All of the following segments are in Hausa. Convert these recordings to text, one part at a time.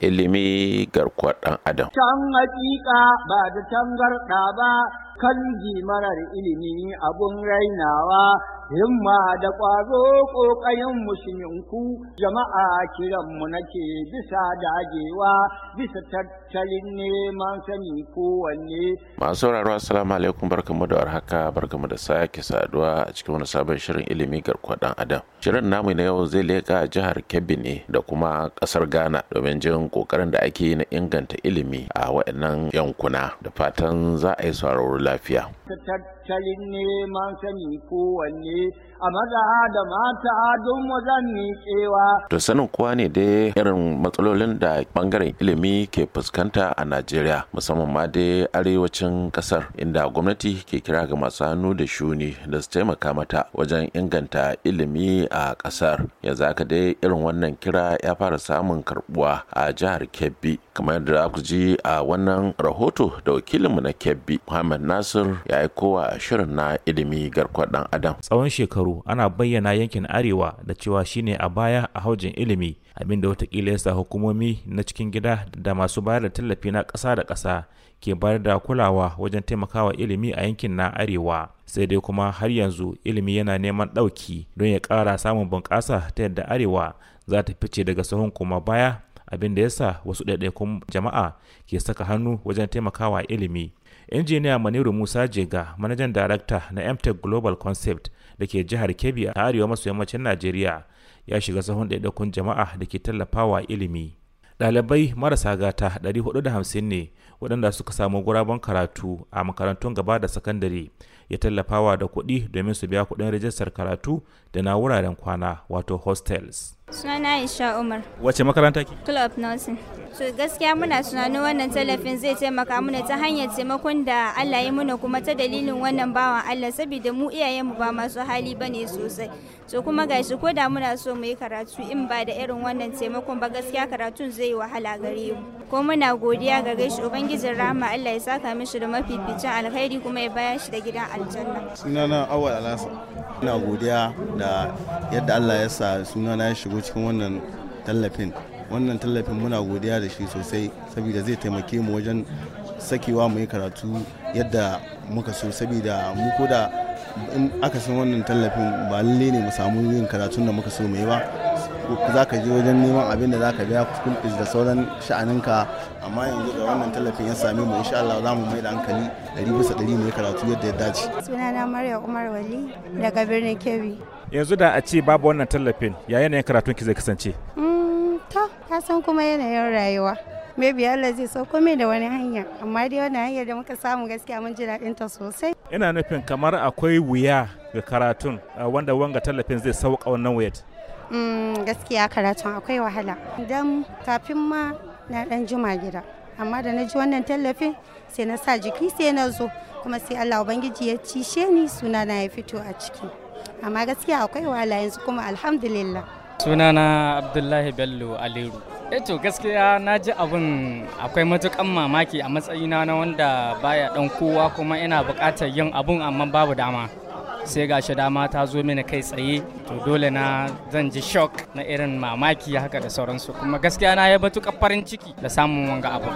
ilimi garkuwar ɗan adam. Can hakika ba da tangarɗa ba kan marar ilimi abun rainawa himma da ƙwazo ƙoƙarin musulminku jama'a kiranmu nake bisa dagewa bisa tattalin neman sani kowanne. Masu sauraro Salamu alaikum barkamu da warhaka barkamu da sake saduwa a cikin wani sabon shirin ilimi garkuwa ɗan adam. Shirin namu na yau zai leƙa jihar Kebbi ne da kuma ƙasar Ghana domin jin ƙoƙarin da ake yi na inganta ilimi a waɗannan yankuna da fatan za a yi lafiya. Tattalin neman sani kowanne a maza da mata don wajen kewa. To sanin kuwa ne dai irin matsalolin da bangaren ilimi ke fuskanta a Najeriya musamman ma dai arewacin kasar inda gwamnati ke kira ga masu hannu da shuni da su taimaka mata wajen inganta ilimi a kasar. Yanzu ka dai irin wannan kira ya fara samun karbuwa a jihar Kebbi kamar da za ji a wannan rahoto da wakilinmu na Kebbi Muhammad Nasir ya yi kowa a shirin na ilimi garkuwar dan Adam. Tsawon tsawon shekaru ana bayyana yankin arewa da cewa shine a baya a haujin ilimi abinda watakila yasa hukumomi na cikin gida da masu bayar da tallafi na ƙasa da ƙasa ke bayar da kulawa wajen taimakawa ilimi a yankin na arewa sai dai kuma har yanzu ilimi yana neman ɗauki don ya ƙara samun bunƙasa ta yadda arewa za ta fice daga sahun kuma baya abin da ya sa wasu ɗaiɗaikun jama'a ke saka hannu wajen taimakawa ilimi injiniya maniru musa jega manajan darakta na mtech global concept da ke jihar kebbi a arewa maso yammacin najeriya ya shiga sahun ɗaiɗaikun jama'a da ke tallafawa ilimi ɗalibai marasa gata hamsin ne waɗanda suka samu guraben karatu a makarantun gaba da sakandare ya tallafawa da kuɗi domin su biya kuɗin rijistar karatu da na wuraren kwana wato hostels. Sunana Isha Umar. Wace makaranta ki? Club Nursing. To gaskiya muna tunanin wannan tallafin zai taimaka mana ta hanyar taimakon da Allah ya muna kuma ta dalilin wannan bawan Allah saboda mu iyayen mu ba masu hali bane sosai. To kuma gashi ko da muna so mu yi karatu in ba da irin wannan taimakon ba gaskiya karatun zai yi wahala gare mu. Ko muna godiya ga gaishe Ubangijin Rahama Allah ya saka mishi da mafificin alkhairi kuma ya baya shi da gidan aljanna sunana awal alasa ina godiya da yadda Allah ya sa sunana ya shigo cikin wannan tallafin wannan tallafin muna godiya da shi sosai saboda zai taimake mu wajen sakewa mu karatu yadda muka so saboda mu ko da aka san wannan tallafin ba lalle ne mu samu yin karatun da muka so mu ba za ka je wajen neman abin da za ka biya school da sauran sha'aninka amma yanzu da wannan tallafin ya same mu insha Allah za mu mai da hankali ɗari bisa ɗari mai karatu yadda ya dace. Sunana Maryam Umar Wali daga birnin Kebbi. Yanzu da a ce babu wannan tallafin ya yanayin karatun ki zai kasance? Mm, to, ka san kuma yanayin rayuwa. Maybe Allah zai sauko min da wani hanya, amma dai wannan hanyar da muka samu gaskiya mun ji daɗin ta sosai. Ina nufin kamar akwai wuya ga karatun wanda wanga tallafin zai sauka wannan wuyar. Mm, gaskiya karatun akwai wahala idan kafin ma na dan juma gida amma da na ji wannan tallafin sai na sa jiki sai na zo kuma sai allah ubangiji ya cishe ni suna na ya fito a ciki amma gaskiya akwai wahala yanzu kuma alhamdulillah sunana abdullahi bello aleru eto eh gaskiya na ji abin akwai matukan mamaki a matsayina na wanda baya dan kowa kuma ina bukatar yin abun amma babu dama sai ga shi dama ta zo mini kai tsaye to dole na zan ji shock na irin mamaki haka da sauransu kuma gaskiya na ya batuka farin ciki da samun wanga abu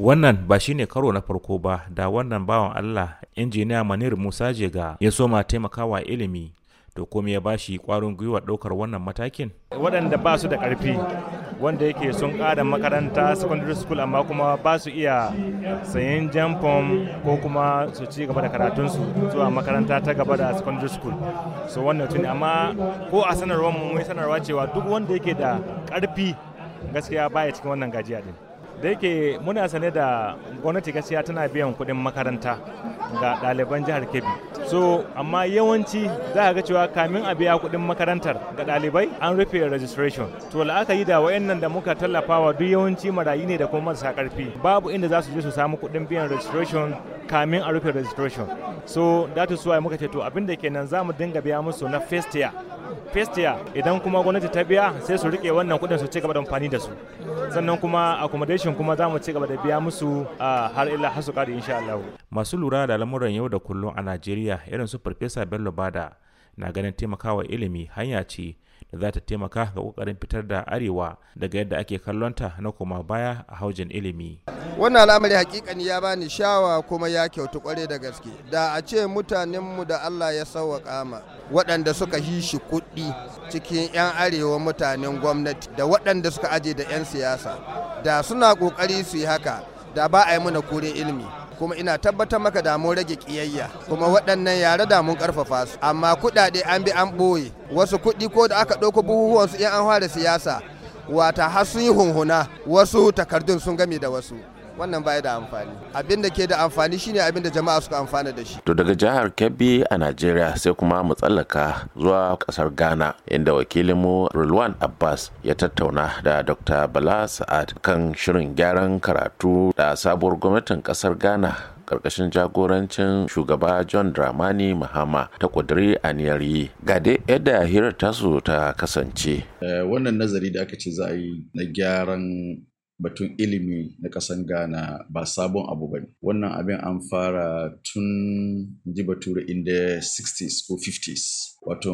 wannan ba shine karo na farko ba da wannan bawan Allah injiniya Manir Musa Jega ya soma taimakawa ilimi to kuma ya bashi kwarin gwiwa ɗaukar wannan matakin waɗanda ba su da ƙarfi wanda yake sun kara makaranta secondary school amma kuma ba su iya sayen jamfon ko kuma su ci gaba da karatunsu zuwa makaranta ta gaba da secondary school so wannan tuni amma ko a sanarwar mu mun sanarwa cewa duk wanda yake da karfi gaskiya baya cikin wannan gajiya din da yake muna sane da gwamnati gaskiya tana biyan kuɗin makaranta ga ɗaliban jihar kebbi so amma yawanci za ka ga cewa kamin a biya kuɗin makarantar ga ɗalibai an rufe registration to yi da wayannan da muka tallafawa duk yawanci marayu ne da kuma marasa karfi babu inda za su je su samu kuɗin biyan registration kamin a rufe registration so that is why muka ce to abin da kenan za mu dinga biya musu na first year festiya idan kuma gwamnati ta biya sai su rike wannan kudin su ci gaba da amfani da su sannan kuma accommodation kuma za mu ci gaba da biya musu har illa har su insha Allah masu lura da lamuran yau da kullum a Najeriya irin su Farfesa Bello Bada na ganin taimakawa ilimi hanya ce da za ta taimaka ga kokarin fitar da arewa daga yadda ake kallonta na kuma baya a haujin ilimi wannan al'amari hakikani ya bani shawa kuma ya kyautu kwarai da gaske da a ce mutanenmu da allah ya sauwaka ma waɗanda suka yi shi kuɗi cikin 'yan arewa mutanen gwamnati da waɗanda suka aje da 'yan siyasa da suna ƙoƙari su yi haka da ba a yi mana kurin ilimi kuma ina tabbatar maka da mun rage ƙiyayya. kuma waɗannan yare da mun ƙarfafa su amma kuɗaɗe an bi an ɓoye wasu kuɗi ko da aka ɗauko buhuhuwansu in an fara siyasa wata har sun yi hunhuna wasu takardun sun game da wasu wannan baya da amfani abin da ke da amfani shine abin da jama'a suka amfana da shi to daga jihar kebbi a najeriya sai kuma mu tsallaka zuwa kasar ghana inda wakilinmu rulwan abbas ya tattauna da dr bala sa'ad kan shirin gyaran karatu da sabuwar gwamnatin kasar ghana karkashin jagorancin shugaba john dramani mahama ta kudiri aniyar yi ga dai yadda hirar tasu ta kasance eh, wannan nazari da aka ce za a yi na gyaran batun ilimi na ƙasan Ghana ba sabon abu ba Wannan abin an fara tun ji bature in the 60s ko 50s. Wato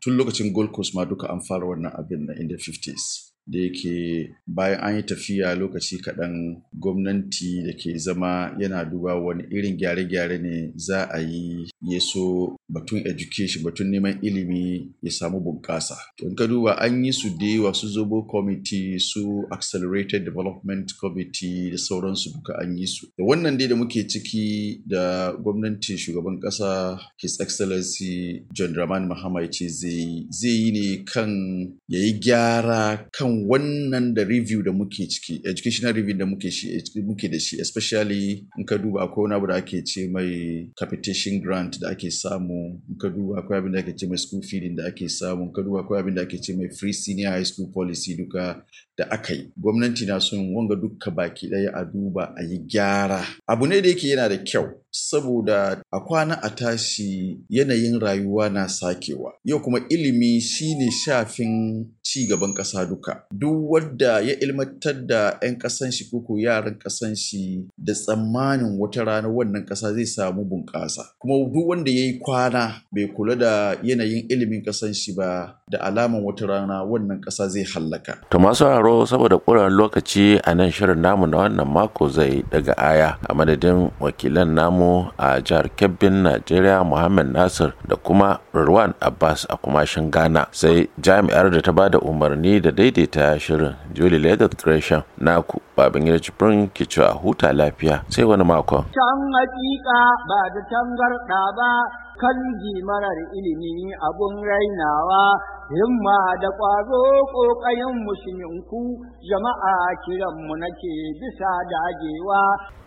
tun lokacin Gold Coast ma duka an fara wannan abin na in the 50s. da yake bayan an yi tafiya lokaci kaɗan gwamnati da ke zama yana duba wani irin gyare-gyare ne za a yi ya so batun education batun neman ilimi ya samu bunƙasa. To in ka duba an yi su da yawa su zobo committee su accelerated development committee da sauransu duka an yi su. Da wannan dai da muke ciki da gwamnatin shugaban ƙasa His Excellency John Dramani Mahama ya ce zai yi ne kan ya yi gyara kan kan wannan da review da muke ciki educational review da muke shi muke da shi especially in ka duba akwai wani abu da ake ce mai capitation grant da ake samu in ka duba akwai abin da ake ce mai school feeding da ake samu in ka duba akwai abin da ake ce mai free senior high school policy duka da aka yi gwamnati na son wanga duka baki daya a duba a yi gyara abu ne da yake yana da kyau saboda a kwana a tashi yanayin rayuwa na sakewa yau kuma ilimi shine shafin ci gaban ƙasa duka duk wadda ya ilmantar da 'yan ƙasan shi koko yaran ƙasan shi da tsammanin wata rana wannan ƙasa zai samu bunƙasa kuma duk wanda ya yi kwana bai kula da yanayin ilimin ƙasan shi ba da alaman wata rana wannan ƙasa zai hallaka. To masu haro saboda ƙuran lokaci a nan shirin namu na wannan mako zai daga aya a madadin wakilan namu samu a jihar kebbin najeriya muhammad nasir da kuma Ruwan abbas a kumashin ghana sai jami'ar da ta bada umarni da daidaita shirin julie leather gresham naku babin ya burin ke huta lafiya sai wani makon. can hakika ba da tangarɗa ba kan marar ilimi abun rainawa himma da ƙwazo ƙoƙarin musulminku jama'a kiranmu nake bisa dagewa